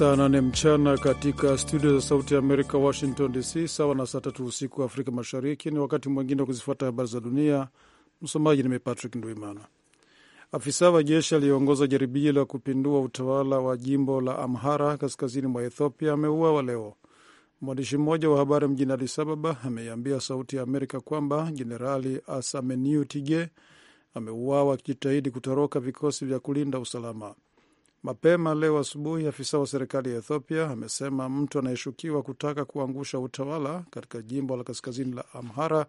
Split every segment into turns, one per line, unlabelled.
saa nane mchana katika studio za Sauti ya Amerika, Washington DC, sawa na saa tatu usiku wa Afrika Mashariki. Ni wakati mwingine wa kuzifuata habari za dunia. Msomaji ni Patrick Ndwimana. Afisa wa jeshi aliyeongoza jaribio la kupindua utawala wa jimbo la Amhara kaskazini mwa Ethiopia ameuawa leo. Mwandishi mmoja wa habari mjini Addis Ababa ameiambia Sauti ya Amerika kwamba Jenerali Asameniu Tige ameuawa akijitahidi kutoroka vikosi vya kulinda usalama. Mapema leo asubuhi, afisa wa serikali ya Ethiopia amesema mtu anayeshukiwa kutaka kuangusha utawala katika jimbo la kaskazini la Amhara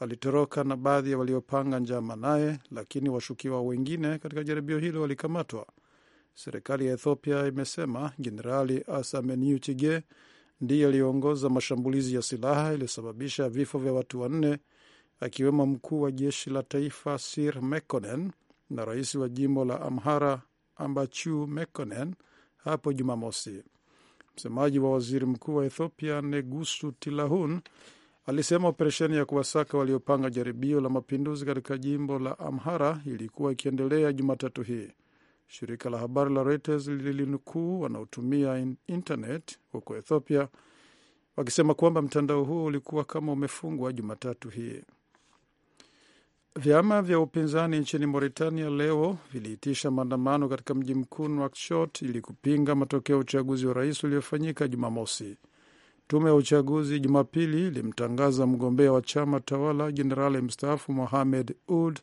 alitoroka na baadhi ya waliopanga njama naye, lakini washukiwa wengine katika jaribio hilo walikamatwa. Serikali ya Ethiopia imesema Jenerali Asameniu Chige ndiye aliyeongoza mashambulizi ya silaha iliyosababisha vifo vya watu wanne akiwemo mkuu wa jeshi la taifa Sir Mekonen na rais wa jimbo la Amhara Ambachu Mekonen hapo Jumamosi. Msemaji wa waziri mkuu wa Ethiopia Negusu Tilahun alisema operesheni ya kuwasaka waliopanga jaribio la mapinduzi katika jimbo la Amhara ilikuwa ikiendelea Jumatatu hii. Shirika la habari la Reuters lilinukuu wanaotumia internet huko Ethiopia wakisema kwamba mtandao huo ulikuwa kama umefungwa Jumatatu hii. Vyama vya upinzani nchini Mauritania leo viliitisha maandamano katika mji mkuu Nouakchott ili kupinga matokeo ya uchaguzi wa rais uliofanyika Jumamosi. Tume ya uchaguzi Jumapili ilimtangaza mgombea wa chama tawala jenerali mstaafu Mohamed Ould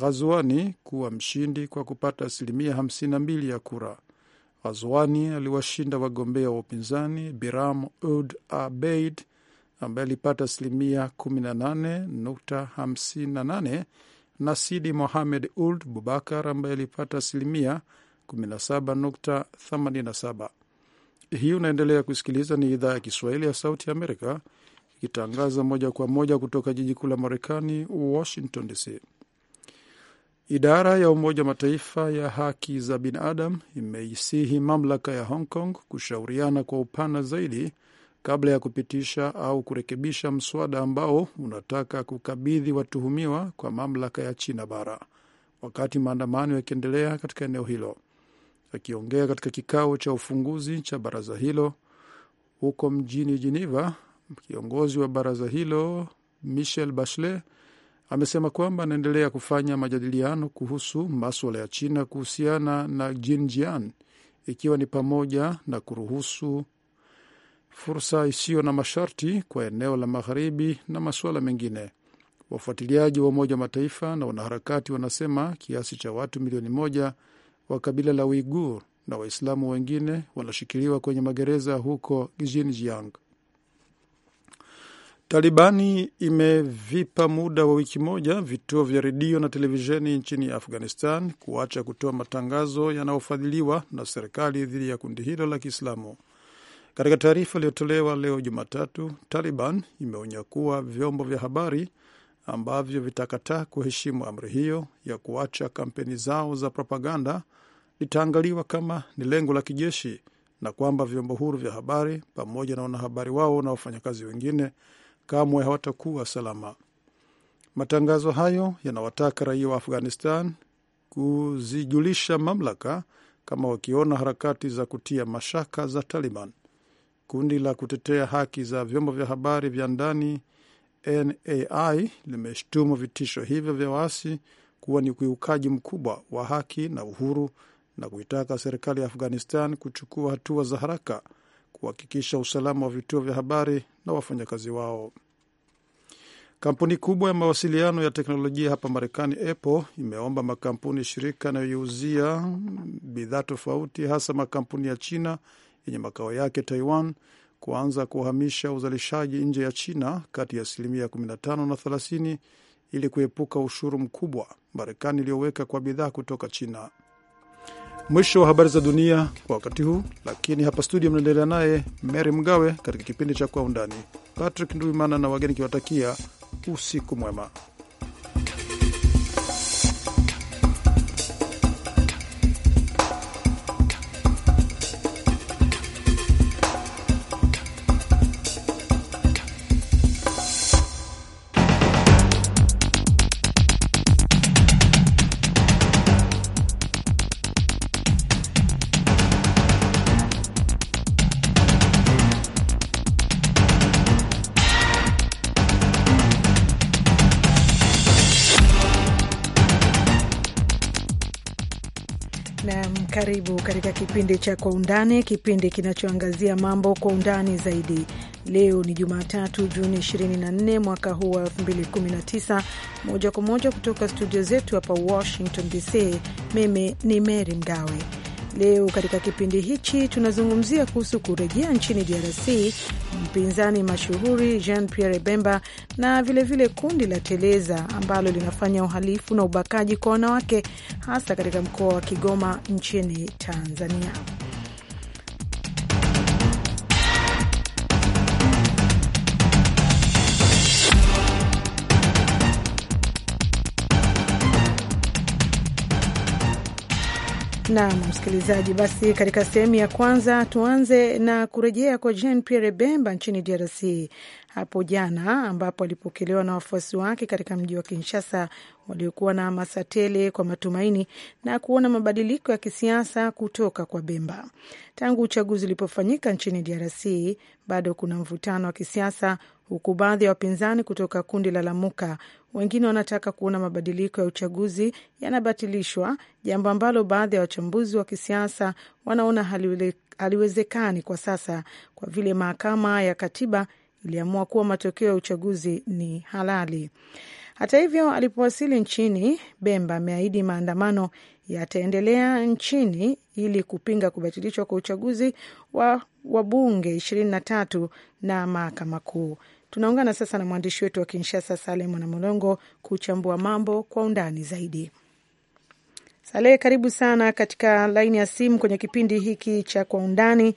Ghazwani kuwa mshindi kwa kupata asilimia 52 ya kura. Ghazwani aliwashinda wagombea wa upinzani Biram Ould Abeid ambaye alipata asilimia 18.58 na Sidi Mohamed Uld Bubakar ambaye alipata asilimia 17.87. Hii unaendelea kusikiliza, ni idhaa ya Kiswahili ya Sauti ya Amerika ikitangaza moja kwa moja kutoka jiji kuu la Marekani, Washington DC. Idara ya Umoja wa Mataifa ya haki za binadamu imeisihi mamlaka ya Hong Kong kushauriana kwa upana zaidi kabla ya kupitisha au kurekebisha mswada ambao unataka kukabidhi watuhumiwa kwa mamlaka ya China bara, wakati maandamano yakiendelea katika eneo hilo. Akiongea katika kikao cha ufunguzi cha baraza hilo huko mjini Geneva, kiongozi wa baraza hilo Michel Bachelet amesema kwamba anaendelea kufanya majadiliano kuhusu maswala ya China kuhusiana na Xinjiang, ikiwa ni pamoja na kuruhusu fursa isiyo na masharti kwa eneo la magharibi na masuala mengine. Wafuatiliaji wa Umoja wa Mataifa na wanaharakati wanasema kiasi cha watu milioni moja wa kabila la Uigur na Waislamu wengine wanashikiliwa kwenye magereza huko Xinjiang. Talibani imevipa muda wa wiki moja vituo vya redio na televisheni nchini Afghanistan kuacha kutoa matangazo yanayofadhiliwa na serikali dhidi ya kundi hilo la Kiislamu. Katika taarifa iliyotolewa leo Jumatatu, Taliban imeonya kuwa vyombo vya habari ambavyo vitakataa kuheshimu amri hiyo ya kuacha kampeni zao za propaganda litaangaliwa kama ni lengo la kijeshi na kwamba vyombo huru vya habari pamoja na wanahabari wao na wafanyakazi wengine kamwe hawatakuwa salama. Matangazo hayo yanawataka raia wa Afghanistan kuzijulisha mamlaka kama wakiona harakati za kutia mashaka za Taliban. Kundi la kutetea haki za vyombo vya habari vya ndani NAI limeshtumu vitisho hivyo vya waasi kuwa ni ukiukaji mkubwa wa haki na uhuru na kuitaka serikali ya Afghanistan kuchukua hatua za haraka kuhakikisha usalama wa vituo vya habari na wafanyakazi wao. Kampuni kubwa ya mawasiliano ya teknolojia hapa Marekani, Apple, imeomba makampuni shirika yanayoiuzia bidhaa tofauti, hasa makampuni ya China yenye makao yake Taiwan kuanza kuhamisha uzalishaji nje ya China kati ya asilimia 15 na 30 ili kuepuka ushuru mkubwa Marekani iliyoweka kwa bidhaa kutoka China. Mwisho wa habari za dunia kwa wakati huu, lakini hapa studio mnaendelea naye Mary Mgawe katika kipindi cha Kwa Undani. Patrick Nduimana na wageni kiwatakia usiku mwema.
Karibu katika kipindi cha Kwa Undani, kipindi kinachoangazia mambo kwa undani zaidi. Leo ni Jumatatu, Juni 24 mwaka huu wa 2019, moja kwa moja kutoka studio zetu hapa Washington DC. Mimi ni Mary Mgawe Leo katika kipindi hichi tunazungumzia kuhusu kurejea nchini DRC mpinzani mashuhuri Jean Pierre Bemba na vilevile kundi la Teleza ambalo linafanya uhalifu na ubakaji kwa wanawake hasa katika mkoa wa Kigoma nchini Tanzania. Naam msikilizaji, basi katika sehemu ya kwanza tuanze na kurejea kwa Jean Pierre Bemba nchini DRC hapo jana, ambapo alipokelewa na wafuasi wake katika mji wa Kinshasa waliokuwa na hamasa tele kwa matumaini na kuona mabadiliko ya kisiasa kutoka kwa Bemba. Tangu uchaguzi ulipofanyika nchini DRC, bado kuna mvutano wa kisiasa huku baadhi ya wapinzani kutoka kundi la Lamuka wengine wanataka kuona mabadiliko ya uchaguzi yanabatilishwa, jambo ambalo baadhi ya wachambuzi wa kisiasa wanaona haliwezekani kwa sasa kwa vile mahakama ya katiba iliamua kuwa matokeo ya uchaguzi ni halali. Hata hivyo, alipowasili nchini, Bemba ameahidi maandamano yataendelea nchini ili kupinga kubatilishwa kwa uchaguzi wa wabunge tatu na mahakama kuu. Tunaungana sasa na mwandishi wetu wa Kinshasa, Saleh Mwanamlongo, kuchambua mambo kwa undani zaidi. Saleh, karibu sana katika laini ya simu kwenye kipindi hiki cha Kwa Undani,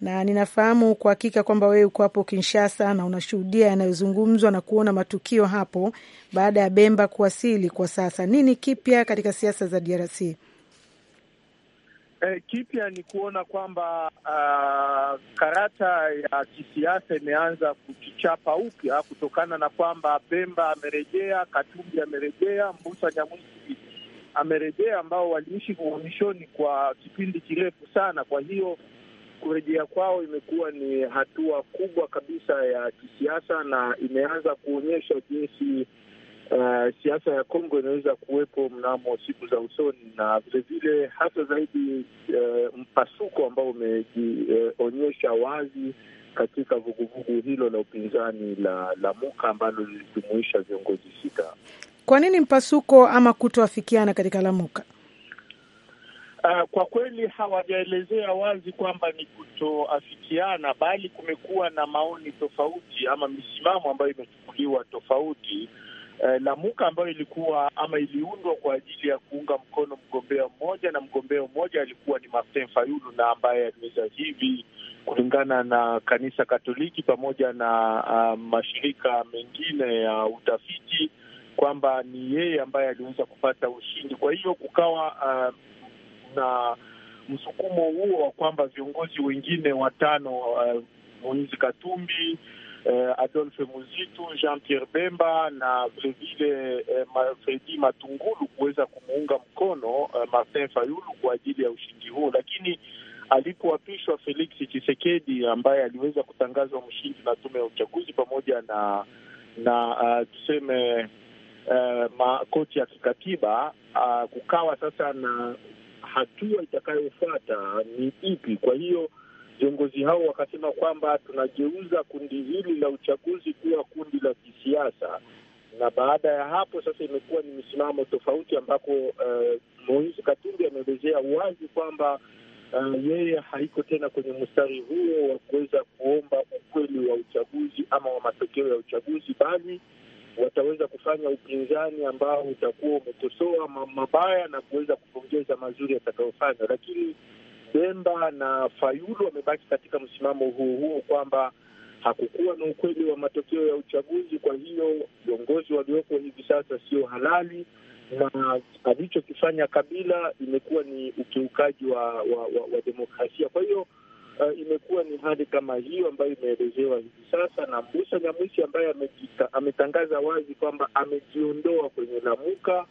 na ninafahamu kwa hakika kwamba wewe uko hapo Kinshasa na unashuhudia yanayozungumzwa na kuona matukio hapo baada ya Bemba kuwasili. Kwa sasa nini kipya katika siasa za DRC?
E, kipya ni kuona kwamba uh, karata ya kisiasa imeanza kujichapa upya kutokana na kwamba Bemba amerejea, Katumbi amerejea, Mbusa Nyamwisi amerejea, ambao waliishi uhamishoni kwa kipindi kirefu sana. Kwa hiyo kurejea kwao imekuwa ni hatua kubwa kabisa ya kisiasa na imeanza kuonyesha jinsi uh, siasa ya Kongo inaweza kuwepo mnamo siku za usoni, na vilevile hasa zaidi uh, mpasuko ambao umejionyesha uh, wazi katika vuguvugu hilo la upinzani la, la Muka ambalo lilijumuisha viongozi sita.
Kwa nini mpasuko ama kutoafikiana katika Lamuka?
Uh, eh, kwa kweli hawajaelezea wazi kwamba ni kutoafikiana, bali kumekuwa na maoni tofauti ama misimamo ambayo imechukuliwa tofauti eh, Lamuka ambayo ilikuwa ama iliundwa kwa ajili ya kuunga mkono mgombea mmoja, na mgombea mmoja alikuwa ni Martin Fayulu, na ambaye aliweza hivi kulingana na kanisa Katoliki pamoja na uh, mashirika mengine ya uh, utafiti kwamba ni yeye ambaye aliweza kupata ushindi. Kwa hiyo kukawa uh, na msukumo huo wa kwamba viongozi wengine watano uh, ah, Moizi Katumbi eh, Adolphe Muzitu, Jean-Pierre Bemba na vilevile eh, Fredi Matungulu kuweza kumuunga mkono eh, Martin Fayulu kwa ajili ya ushindi huo, lakini alipoapishwa Felix Tshisekedi ambaye aliweza kutangazwa mshindi na tume ya uchaguzi pamoja na na uh, tuseme uh, eh, makoti ya kikatiba uh, kukawa sasa na hatua itakayofuata ni ipi? Kwa hiyo viongozi hao wakasema kwamba tunageuza kundi hili la uchaguzi kuwa kundi la kisiasa, na baada ya hapo sasa imekuwa ni msimamo tofauti, ambako uh, Moise Katumbi ameelezea wazi kwamba uh, yeye haiko tena kwenye mstari huo wa kuweza kuomba ukweli wa uchaguzi ama wa matokeo ya uchaguzi, bali wataweza kufanya upinzani ambao utakuwa umekosoa mabaya na kuweza kupongeza mazuri yatakayofanywa, lakini Bemba na Fayulu wamebaki katika msimamo huo huo kwamba hakukuwa na ukweli wa matokeo ya uchaguzi, kwa hiyo viongozi walioko hivi sasa sio halali na alichokifanya Kabila imekuwa ni ukiukaji wa, wa, wa, wa demokrasia. Kwa hiyo uh, imekuwa ni hali kama hiyo ambayo imeelezewa hivi sasa na Musa Nyamwisi ambaye ametangaza wazi kwamba amejiondoa kwenye Lamuka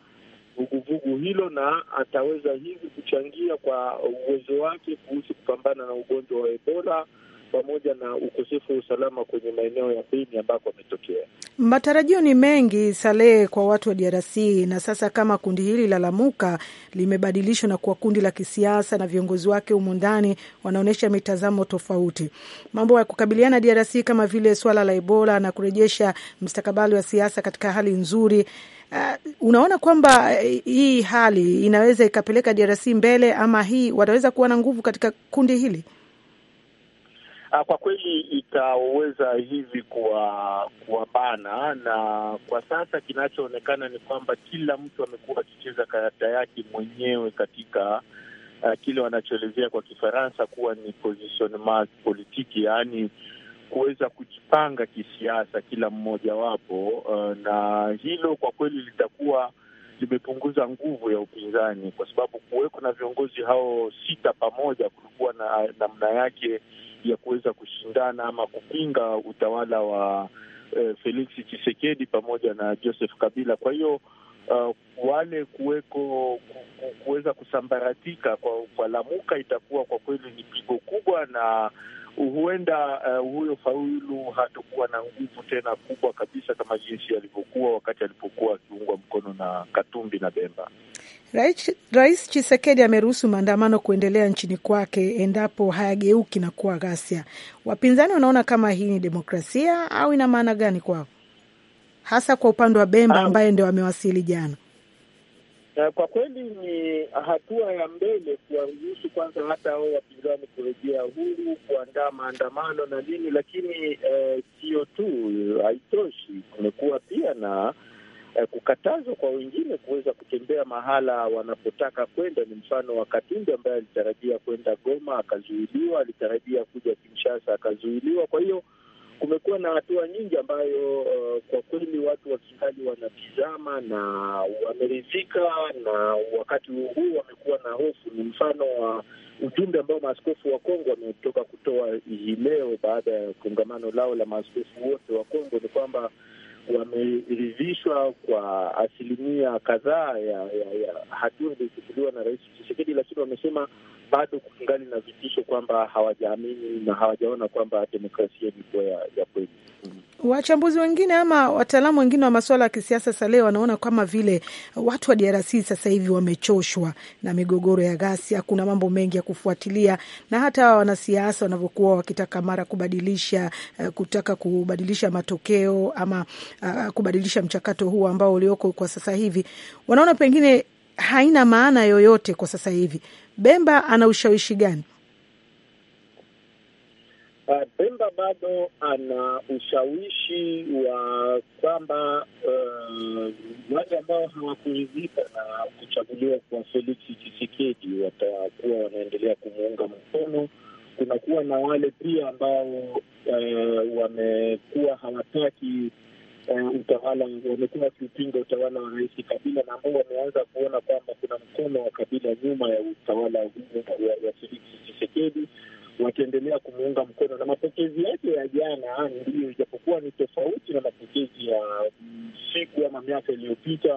vuguvugu hilo na ataweza hivi kuchangia kwa uwezo wake kuhusu kupambana na ugonjwa wa Ebola pamoja na ukosefu wa usalama kwenye maeneo ya Beni ambako ametokea.
Matarajio ni mengi Salehe kwa watu wa DRC, na sasa kama kundi hili la Lamuka limebadilishwa na kuwa kundi la kisiasa na viongozi wake humo ndani wanaonyesha mitazamo tofauti, mambo ya kukabiliana DRC kama vile swala la Ebola na kurejesha mstakabali wa siasa katika hali nzuri. Uh, unaona kwamba uh, hii hali inaweza ikapeleka DRC mbele ama hii wataweza kuwa na nguvu katika kundi hili?
Ah, kwa kweli itaweza hivi kuwabana, na kwa sasa kinachoonekana ni kwamba kila mtu amekuwa akicheza karata yake mwenyewe katika uh, kile wanachoelezea kwa Kifaransa kuwa ni position mark politiki, yaani kuweza kujipanga kisiasa kila mmojawapo uh, ah, na hilo kwa kweli litakuwa limepunguza nguvu ya upinzani, kwa sababu kuweko na viongozi hao sita pamoja kulikuwa na namna yake ya kuweza kushindana ama kupinga utawala wa eh, Felix Chisekedi pamoja na Joseph Kabila. Kwa hiyo uh, wale kuweko kuweza kusambaratika kwa, kwa Lamuka itakuwa kwa kweli ni pigo kubwa na huenda uh, huyo faulu hatokuwa na nguvu tena kubwa kabisa kama jinsi alivyokuwa wakati alipokuwa akiungwa mkono na Katumbi na Bemba.
Rais, Rais Chisekedi ameruhusu maandamano kuendelea nchini kwake endapo hayageuki na kuwa ghasia. Wapinzani wanaona kama hii ni demokrasia au ina maana gani kwao, hasa kwa upande wa Bemba ambaye ndio amewasili jana?
na kwa kweli ni hatua ya mbele kuwaruhusu kwanza hata hao wapinzani kurejea huru, kuandaa maandamano na nini, lakini eh, sio eh, tu haitoshi. Kumekuwa pia na eh, kukatazwa kwa wengine kuweza kutembea mahala wanapotaka kwenda. Ni mfano wa Katumbi ambaye alitarajia kwenda Goma akazuiliwa, alitarajia kuja Kinshasa akazuiliwa, kwa hiyo kumekuwa na hatua nyingi ambayo uh, kwa kweli watu wa Kigali wanatizama na wameridhika, na wakati huu wamekuwa na hofu. Ni mfano wa ujumbe ambao maaskofu wa Kongo wametoka kutoa hii leo baada ya kongamano lao la maaskofu wote wa Kongo, ni kwamba wameridhishwa kwa asilimia kadhaa ya, ya, ya hatua iliyochukuliwa na Rais chisekedi lakini wamesema bado kungali na vitisho kwamba hawajaamini na hawajaona kwamba demokrasia kuwa ya kweli.
Wachambuzi wengine ama wataalamu wengine wa masuala ya kisiasa saleo wanaona kama vile watu wa DRC sasa hivi wamechoshwa na migogoro ya ghasia. Kuna mambo mengi ya kufuatilia, na hata hawa wanasiasa wanavyokuwa wakitaka mara kubadilisha uh, kutaka kubadilisha matokeo ama uh, kubadilisha mchakato huu ambao ulioko kwa sasa hivi, wanaona pengine haina maana yoyote kwa sasa hivi. Bemba ana ushawishi gani?
Uh, Bemba bado ana ushawishi wa kwamba uh, wale ambao hawakuridhika na kuchaguliwa kwa Felix Tshisekedi watakuwa wanaendelea kumuunga mkono. Kunakuwa na wale pia ambao uh, wamekuwa hawataki uh, utawala, wamekuwa wakiupinga utawala wa Rais Kabila na ambao wameanza kuona kwamba kuna mkono wa Kabila nyuma ya utawala wa Felix Tshisekedi wakiendelea kumuunga mkono, na mapokezi yake ya jana ah, ndiyo, ijapokuwa ni tofauti na mapokezi ya siku ama miaka iliyopita,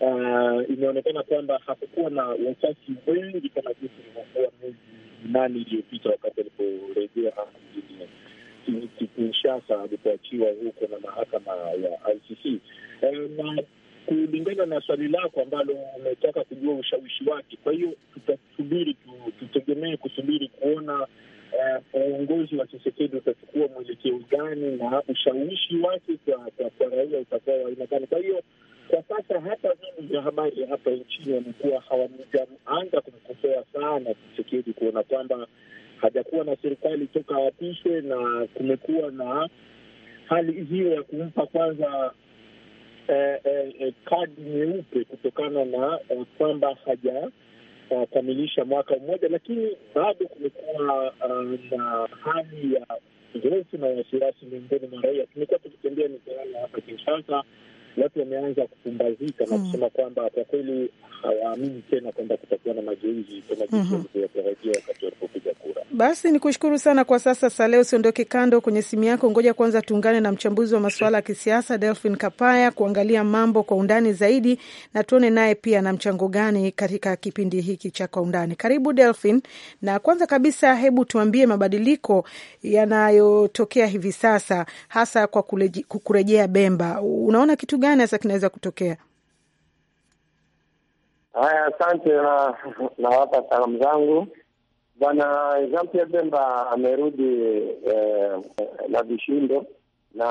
uh, imeonekana kwamba hakukuwa na wachache wengi kama jinsi ilivyokuwa miezi nane iliyopita wakati aliporejea ah, mjini Kinshasa alipoachiwa huko na mahakama ya ICC eh, na kulingana na swali lako ambalo umetaka kujua ushawishi wake. Kwa hiyo tutasubiri, tutegemee kusubiri kuona eh, uongozi uh, wa Tshisekedi utachukua mwelekeo gani na ushawishi wake kwa raia utakuwa wa aina gani. Kwa hiyo kwa sasa hata vyombo vya habari hapa nchini wamekuwa hawajaanza kumkosoa sana Tshisekedi kuona kwamba hajakuwa na serikali toka apishwe, na kumekuwa na hali hiyo ya kumpa kwanza eh, eh, kadi eh, nyeupe kutokana na eh, kwamba hajakamilisha eh, uh, mwaka mmoja, lakini bado kumekuwa uh, na hali ya uh, na wasiwasi miongoni mwa raia. Tumekuwa tukitembea mitaani hapa Kinshasa watu wameanza kupumbazika na hmm. kusema kwamba kwa kweli hawaamini tena kwamba kutakuwa na mageuzi kama jinsi hmm. walivyoyatarajia wakati walipopiga
kura. Basi ni kushukuru sana kwa sasa. Saleh, usiondoke kando kwenye simu yako, ngoja kwanza tuungane na mchambuzi wa masuala ya kisiasa Delphin Kapaya kuangalia mambo kwa undani zaidi, na tuone naye pia na mchango gani katika kipindi hiki cha kwa undani. Karibu Delphin, na kwanza kabisa, hebu tuambie mabadiliko yanayotokea hivi sasa, hasa kwa kurejea Bemba, unaona kitu gani hasa kinaweza kutokea?
Haya, asante na nawapa salamu zangu. Bwana Jean Pierre Bemba amerudi eh, na vishindo na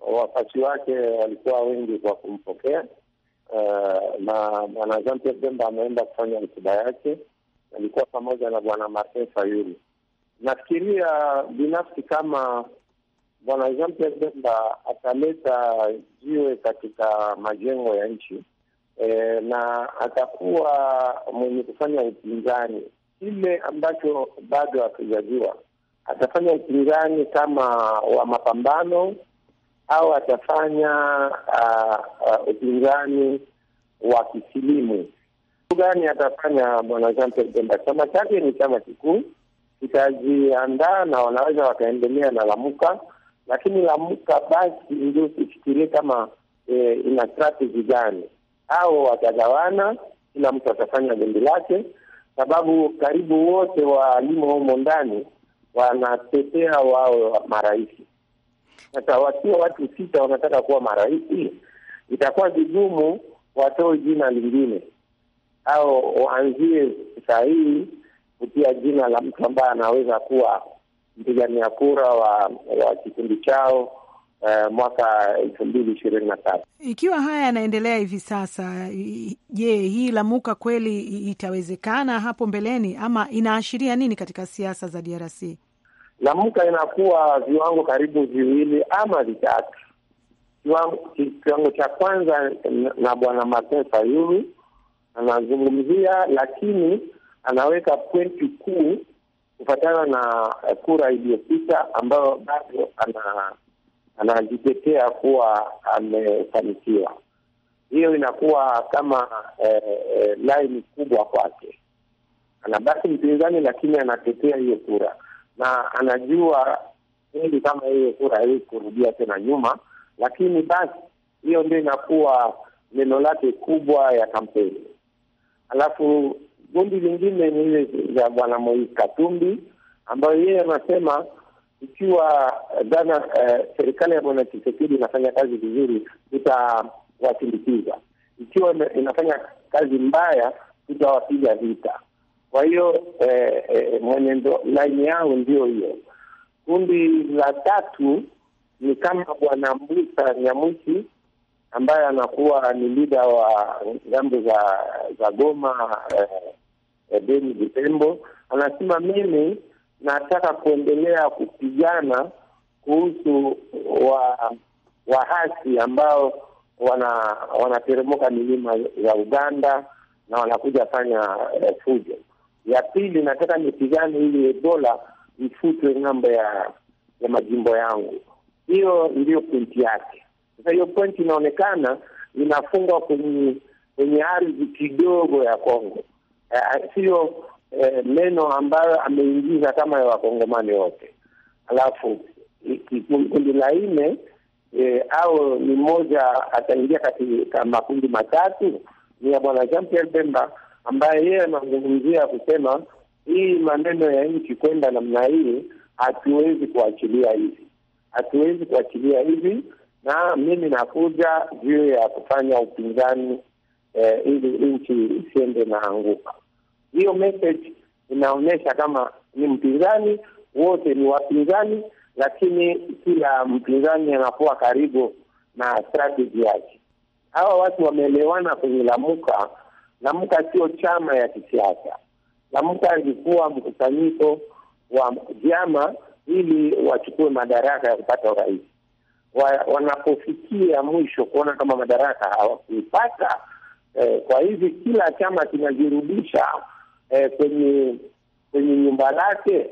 wafasi wake walikuwa wengi kwa kumpokea eh, na bwana Jean Pierre Bemba ameenda kufanya hotuba yake, alikuwa pamoja na bwana Martin Fayulu. Nafikiria binafsi kama Bwana Jean Pierre Bemba ataleta jiwe katika majengo ya nchi e, na atakuwa mwenye kufanya upinzani kile ambacho bado hatujajua. Atafanya upinzani kama wa mapambano au atafanya upinzani wa kisilimu gani atafanya bwana Jean Pierre Bemba? Chama chake ni chama kikuu, kitajiandaa na wanaweza wakaendelea na Lamuka lakini Lamuka basi ndio sifikirie kama e, ina strategy gani au watagawana, kila mtu atafanya jambo lake, sababu karibu wote walimo humo ndani wanatetea wao marais. Sasa wakiwa watu sita wanataka kuwa marais, itakuwa vigumu watoe jina lingine au waanzie saa hii kutia jina la mtu ambaye anaweza kuwa mpigania kura wa, wa kikundi chao uh, mwaka elfu mbili ishirini na tatu.
Ikiwa haya yanaendelea hivi sasa, je, hii Lamuka kweli itawezekana hapo mbeleni ama inaashiria nini katika siasa za DRC?
Lamuka inakuwa viwango karibu viwili ama vitatu. Kiwango cha kwanza na bwana Martin Fayulu anazungumzia, lakini anaweka pointi kuu kufatana na eh, kura iliyopita ambayo bado anajitetea ana kuwa amefanikiwa. Hiyo inakuwa kama eh, eh, laini kubwa kwake. Anabaki mpinzani, lakini anatetea hiyo kura na anajua ili kama hiyo kura hii kurudia tena nyuma, lakini basi hiyo ndio inakuwa neno lake kubwa ya kampeni. Alafu Kundi lingine ni ile za bwana Moi Katumbi, ambayo yeye anasema ikiwa dhana eh, serikali ya bwana Tshisekedi inafanya kazi vizuri, tutawasindikiza. Ikiwa inafanya kazi mbaya, tutawapiga vita. Kwa hiyo eh, eh, mwenendo laini yao ndio hiyo. Kundi la tatu ni kama bwana Mbusa Nyamwisi ambaye anakuwa ni lida wa ngambo za za Goma eh, Edeni eh, Vitembo anasema, mimi nataka kuendelea kupigana kuhusu wa wahasi ambao wana wanateremuka milima ya Uganda na wanakuja fanya eh, fujo. Ya pili nataka nipigane ili Ebola ifutwe ng'ambo ya ya majimbo yangu. Hiyo ndiyo pointi yake. Sasa hiyo pointi inaonekana inafungwa kwenye kwenye ardhi kidogo ya Kongo siyo eh, neno eh, ambayo ameingiza kama ya wakongomani wote. Alafu kundi la nne eh, au ni mmoja ataingia katika makundi matatu ni ya bwana Jean Pierre Bemba ambaye yeye anazungumzia kusema hii maneno ya nchi kwenda namna hii, hatuwezi kuachilia hivi, hatuwezi kuachilia hivi, na mimi nakuja juu ya kufanya upinzani eh, ili nchi isiende na anguka hiyo message inaonyesha kama ni mpinzani, wote ni wapinzani, lakini kila mpinzani anakuwa karibu na strategy yake. Hawa watu wameelewana kwenye Lamuka. Lamuka sio chama ya kisiasa. Lamuka alikuwa mkusanyiko wa vyama ili wachukue madaraka ya kupata urais. Wa, wanapofikia mwisho kuona kama madaraka hawakuipata eh, kwa hivi kila chama kinajirudisha eh, kwenye kwenye nyumba lake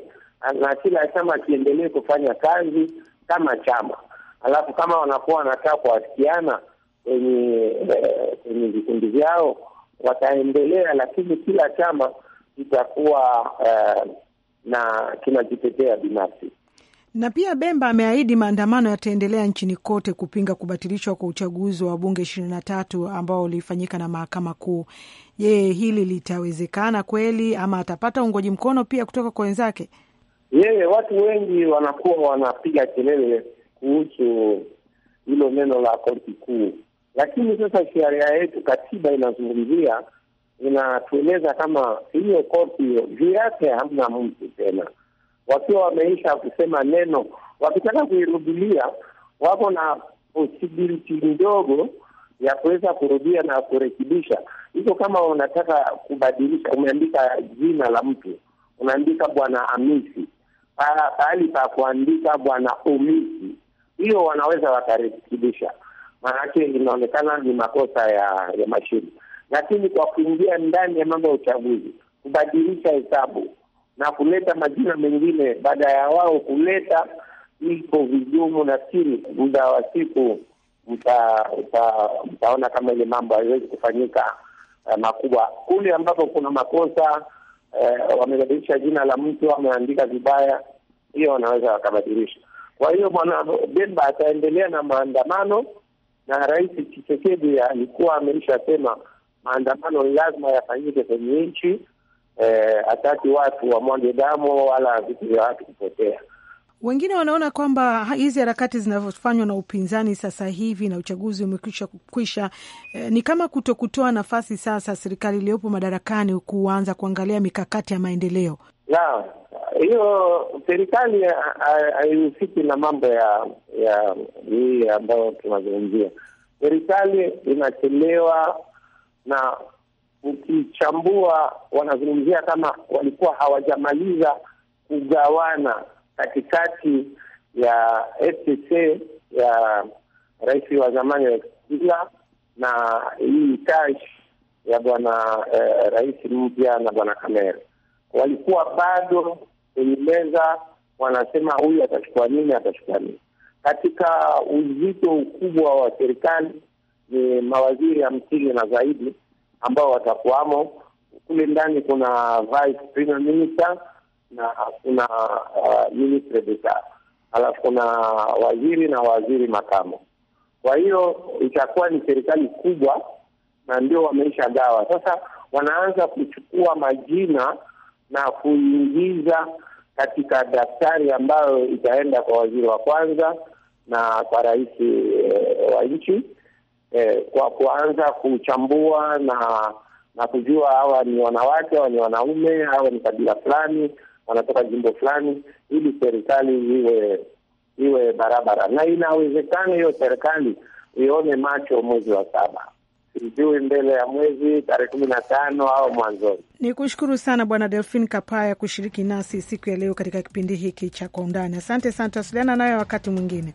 na kila chama kiendelee kufanya kazi kama chama, alafu kama wanakuwa wanakaa kuwasikiana kwenye eh, kwenye vikundi vyao wataendelea, lakini kila chama kitakuwa eh, na kinajitetea binafsi.
Na pia Bemba ameahidi maandamano yataendelea nchini kote kupinga kubatilishwa kwa uchaguzi wa bunge ishirini na tatu ambao ulifanyika na mahakama kuu. Je, hili litawezekana kweli ama atapata uungoji mkono pia kutoka kwa wenzake?
Yeye, watu wengi wanakuwa wanapiga kelele kuhusu hilo neno la koti kuu, lakini sasa sheria yetu, katiba inazungumzia, inatueleza kama hiyo koti juu yake hamna mtu tena wakiwa wameisha kusema neno, wakitaka kuirudilia, wako na posibiliti ndogo ya kuweza kurudia na kurekebisha. Hiko kama unataka kubadilisha, umeandika jina la mtu, unaandika bwana Amisi pahali pa kuandika bwana Umisi, hiyo wanaweza wakarekebisha, maanake inaonekana ni makosa ya ya mashine. Lakini kwa kuingia ndani ya mambo ya uchaguzi, kubadilisha hesabu na kuleta majina mengine baada ya wao kuleta, iko vigumu. Nafikiri muda wa siku mta, mta, mtaona kama ile mambo haiwezi kufanyika eh, makubwa. Kule ambapo kuna makosa eh, wamebadilisha jina la mtu, wameandika vibaya, hiyo wanaweza wakabadilisha. Kwa hiyo bwana Bemba ataendelea na maandamano, na Rais Tshisekedi alikuwa ameisha sema maandamano lazima yafanyike kwenye nchi E, hataki eh, watu wamwage damu wala vitu vya watu kupotea.
Wengine wanaona kwamba hizi harakati zinazofanywa na upinzani sasa hivi na uchaguzi umekwisha kukwisha, eh, ni kama kuto kutoa nafasi sasa serikali iliyopo madarakani kuanza kuangalia mikakati ya maendeleo.
Naam, hiyo serikali haihusiki na mambo ya ya hii ambayo tunazungumzia. Serikali inachelewa na ukichambua, wanazungumzia kama walikuwa hawajamaliza kugawana katikati ya FCC ya rais wa zamani wa Kabila na hii tash ya bwana eh, rais mpya na bwana kamer walikuwa bado kwenye meza, wanasema huyu atachukua nini, atachukua nini. Katika uzito ukubwa wa serikali ni mawaziri hamsini na zaidi ambao watakuwamo kule ndani. Kuna vice premier minister na kuna uh, ministre d'etat, alafu kuna waziri na waziri makamo. Kwa hiyo itakuwa ni serikali kubwa, na ndio wameisha gawa sasa. Wanaanza kuchukua majina na kuingiza katika daftari ambayo itaenda kwa waziri wa kwanza na kwa rais e, wa nchi eh, kwa kuanza kuchambua na na kujua hawa ni wanawake, hawa ni wanaume, hawa ni kabila fulani, wanatoka jimbo fulani, ili serikali iwe iwe barabara, na inawezekana hiyo serikali ione macho mwezi wa saba sijui mbele ya mwezi tarehe kumi na tano au mwanzoni.
Ni kushukuru sana Bwana Delfin Kapaya kushiriki nasi siku ya leo katika kipindi hiki cha Kwa Undani. Asante sana, tutawasiliana nayo wakati mwingine.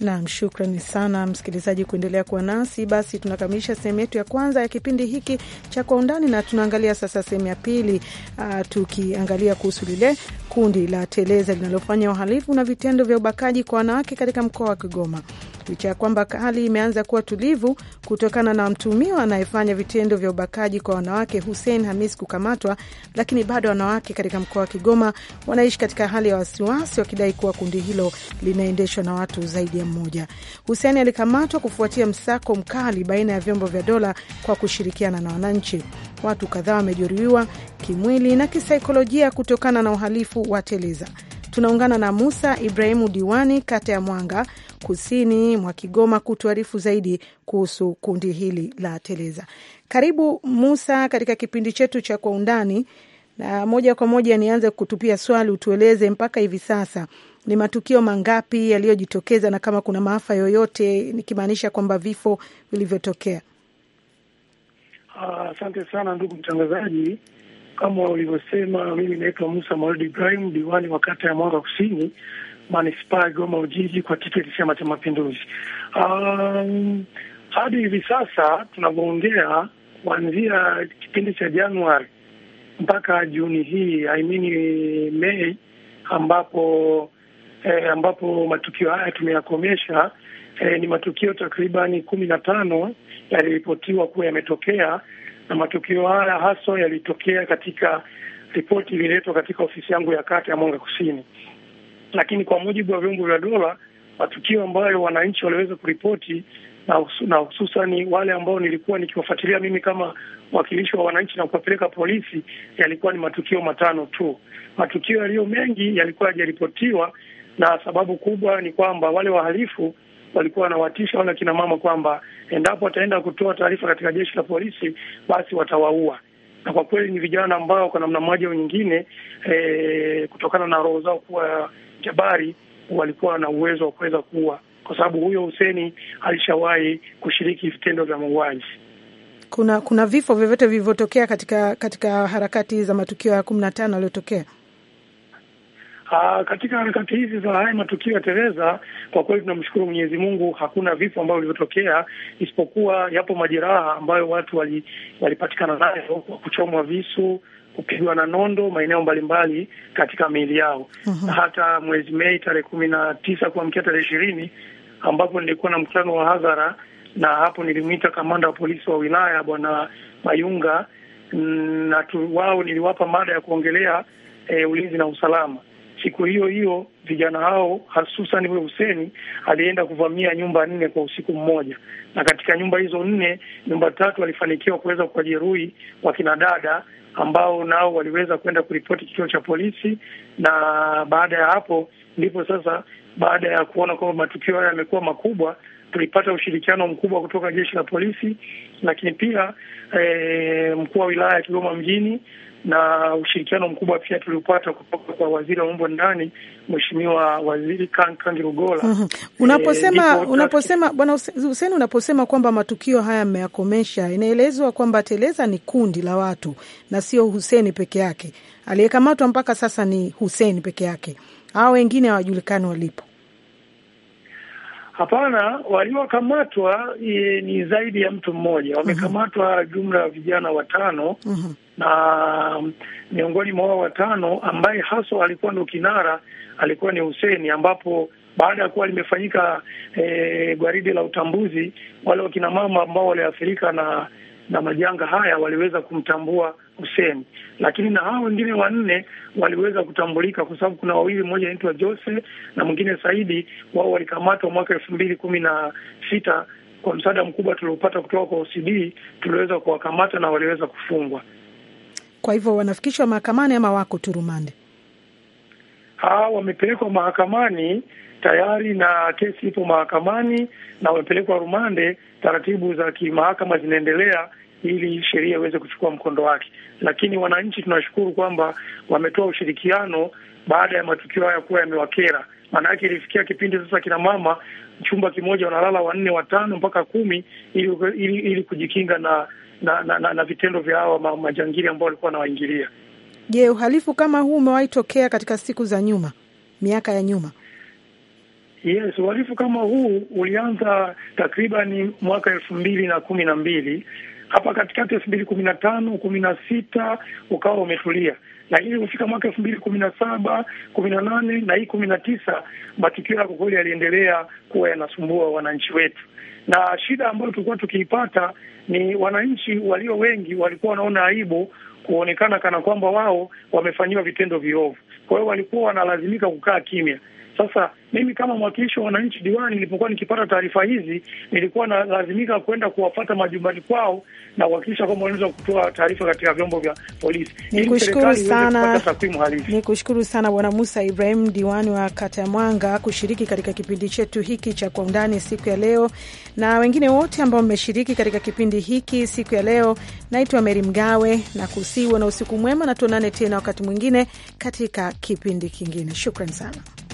Nam, shukrani sana msikilizaji kuendelea kuwa nasi. Basi tunakamilisha sehemu yetu ya kwanza ya kipindi hiki cha Kwa Undani, na tunaangalia sasa sehemu ya pili, uh, tukiangalia kuhusu lile kundi la Teleza linalofanya uhalifu na vitendo vya ubakaji kwa wanawake katika mkoa wa Kigoma licha ya kwamba hali imeanza kuwa tulivu kutokana na mtumiwa anayefanya vitendo vya ubakaji kwa wanawake Hussein Hamis kukamatwa, lakini bado wanawake katika mkoa wa Kigoma wanaishi katika hali ya wasiwasi, wakidai kuwa kundi hilo linaendeshwa na watu zaidi ya mmoja. Hussein alikamatwa kufuatia msako mkali baina ya vyombo vya dola kwa kushirikiana na wananchi. Watu kadhaa wamejeruhiwa kimwili na kisaikolojia kutokana na uhalifu wa teleza. Tunaungana na Musa Ibrahimu Diwani, kata ya Mwanga kusini mwa Kigoma, kutuarifu zaidi kuhusu kundi hili la Teleza. Karibu Musa katika kipindi chetu cha Kwa Undani, na moja kwa moja nianze kutupia swali, utueleze mpaka hivi sasa ni matukio mangapi yaliyojitokeza na kama kuna maafa yoyote, nikimaanisha kwamba vifo vilivyotokea.
Asante uh, sana ndugu mtangazaji kama ulivyosema, mimi naitwa Musa Maulid Ibrahim, diwani wa kata ya Mwanga Kusini, manispaa ya Goma Ujiji, kwa tiketi Chama cha Mapinduzi. Um, hadi hivi sasa tunavyoongea, kuanzia kipindi cha Januari mpaka Juni hii I mean Mei, ambapo eh, ambapo matukio haya tumeyakomesha. Eh, ni matukio takribani kumi na tano yaliripotiwa kuwa yametokea na matukio haya haswa yalitokea katika ripoti ililetwa katika ofisi yangu ya kata ya Mwanga Kusini. Lakini kwa mujibu wa vyombo vya dola, matukio ambayo wananchi waliweza kuripoti na hususani wale ambao nilikuwa nikiwafuatilia mimi kama mwakilishi wa wananchi na kuwapeleka polisi, yalikuwa ni matukio matano tu. Matukio yaliyo mengi yalikuwa yajaripotiwa, na sababu kubwa ni kwamba wale wahalifu walikuwa wanawatisha wale kina mama kwamba endapo wataenda kutoa taarifa katika jeshi la polisi, basi watawaua. Na kwa kweli ni vijana ambao kwa namna moja au nyingine, e, kutokana na roho zao kuwa jabari, walikuwa na uwezo wa kuweza kuua, kwa sababu huyo Huseni alishawahi kushiriki vitendo vya mauaji.
Kuna kuna vifo vyovyote vilivyotokea katika katika harakati za matukio ya kumi na tano yaliyotokea
Aa, ah, katika harakati hizi za haya matukio ya Tereza, kwa kweli tunamshukuru Mwenyezi Mungu, hakuna vifo ambavyo vilivyotokea, isipokuwa yapo majeraha ambayo watu walipatikana wali nayo kwa kuchomwa visu kupigwa na nondo maeneo mbalimbali katika miili yao. Uhum. Hata mwezi Mei tarehe kumi na tisa kuamkia tarehe ishirini ambapo nilikuwa na mkutano wa hadhara, na hapo nilimwita kamanda wa polisi wa wilaya Bwana Mayunga na tu, wao niliwapa mada ya kuongelea e, ulinzi na usalama siku hiyo hiyo vijana hao hasusan huyo Huseni alienda kuvamia nyumba nne kwa usiku mmoja, na katika nyumba hizo nne, nyumba tatu alifanikiwa kuweza kuwajeruhi wakina dada ambao nao waliweza kwenda kuripoti kituo cha polisi. Na baada ya hapo ndipo sasa, baada ya kuona kwamba matukio haya yamekuwa makubwa, tulipata ushirikiano mkubwa kutoka jeshi la polisi, lakini pia e, mkuu wa wilaya ya Kigoma mjini na ushirikiano mkubwa pia tuliopata kutoka kwa waziri wa mambo ndani, mheshimiwa waziri Kangi Lugola. mm -hmm. Eh, unaposema e, unaposema
bwana Huseni, unaposema kwamba matukio haya mmeyakomesha, inaelezwa kwamba Teleza ni kundi la watu na sio Huseni peke yake. Aliyekamatwa mpaka sasa ni Huseni peke yake, hao wengine hawajulikani walipo.
Hapana, waliokamatwa eh, ni zaidi ya mtu mmoja. Mhm. Wamekamatwa jumla ya vijana watano. mm -hmm na um, miongoni mwa wao watano ambaye haswa alikuwa ndo kinara alikuwa ni Huseni, ambapo baada ya kuwa limefanyika e, gwaride la utambuzi, wale wakina mama ambao waliathirika na na majanga haya waliweza kumtambua huseni lakini na hao wengine wanne waliweza kutambulika kwa sababu kuna wawili, mmoja anaitwa Jose na mwingine Saidi. Wao walikamatwa mwaka elfu mbili kumi na sita. Kwa msaada mkubwa tuliopata kutoka kwa OCD tuliweza kuwakamata na waliweza kufungwa.
Kwa hivyo wanafikishwa mahakamani ama wako tu rumande?
wamepelekwa mahakamani tayari na kesi ipo mahakamani na wamepelekwa rumande. Taratibu za kimahakama zinaendelea ili sheria iweze kuchukua mkondo wake, lakini wananchi tunashukuru kwamba wametoa ushirikiano baada ya matukio haya kuwa yamewakera. Maana yake ilifikia kipindi sasa kina mama chumba kimoja wanalala wanne watano mpaka kumi ili, ili, ili kujikinga na na, na, na, na vitendo vya hawa majangili ambao walikuwa wanawaingilia.
Je, uhalifu kama huu umewahi tokea katika siku za nyuma, miaka ya nyuma?
Yes, uhalifu kama huu ulianza takriban mwaka elfu mbili na kumi na mbili hapa katikati, elfu mbili kumi na tano kumi na sita ukawa umetulia na ili kufika mwaka elfu mbili kumi na saba kumi na nane na hii kumi na tisa matukio ya kweli yaliendelea kuwa yanasumbua wananchi wetu, na shida ambayo tulikuwa tukiipata ni wananchi walio wengi walikuwa wanaona aibu kuonekana kana kwamba wao wamefanyiwa vitendo viovu, kwa hiyo walikuwa wanalazimika kukaa kimya. Sasa mimi kama mwakilishi wa wananchi diwani, nilipokuwa nikipata taarifa hizi, nilikuwa nalazimika kwenda kuwapata majumbani kwao na kuhakikisha kwamba wanaweza kutoa taarifa katika vyombo vya polisi. Nikushukuru sana,
nikushukuru sana Bwana Musa Ibrahim, diwani wa kata ya Mwanga, kushiriki katika kipindi chetu hiki cha Kwa Undani siku ya leo, na wengine wote ambao mmeshiriki katika kipindi hiki siku ya leo. Naitwa Meri Mgawe na kusiwa na usiku mwema, na tuonane tena wakati mwingine katika kipindi kingine. Shukran sana.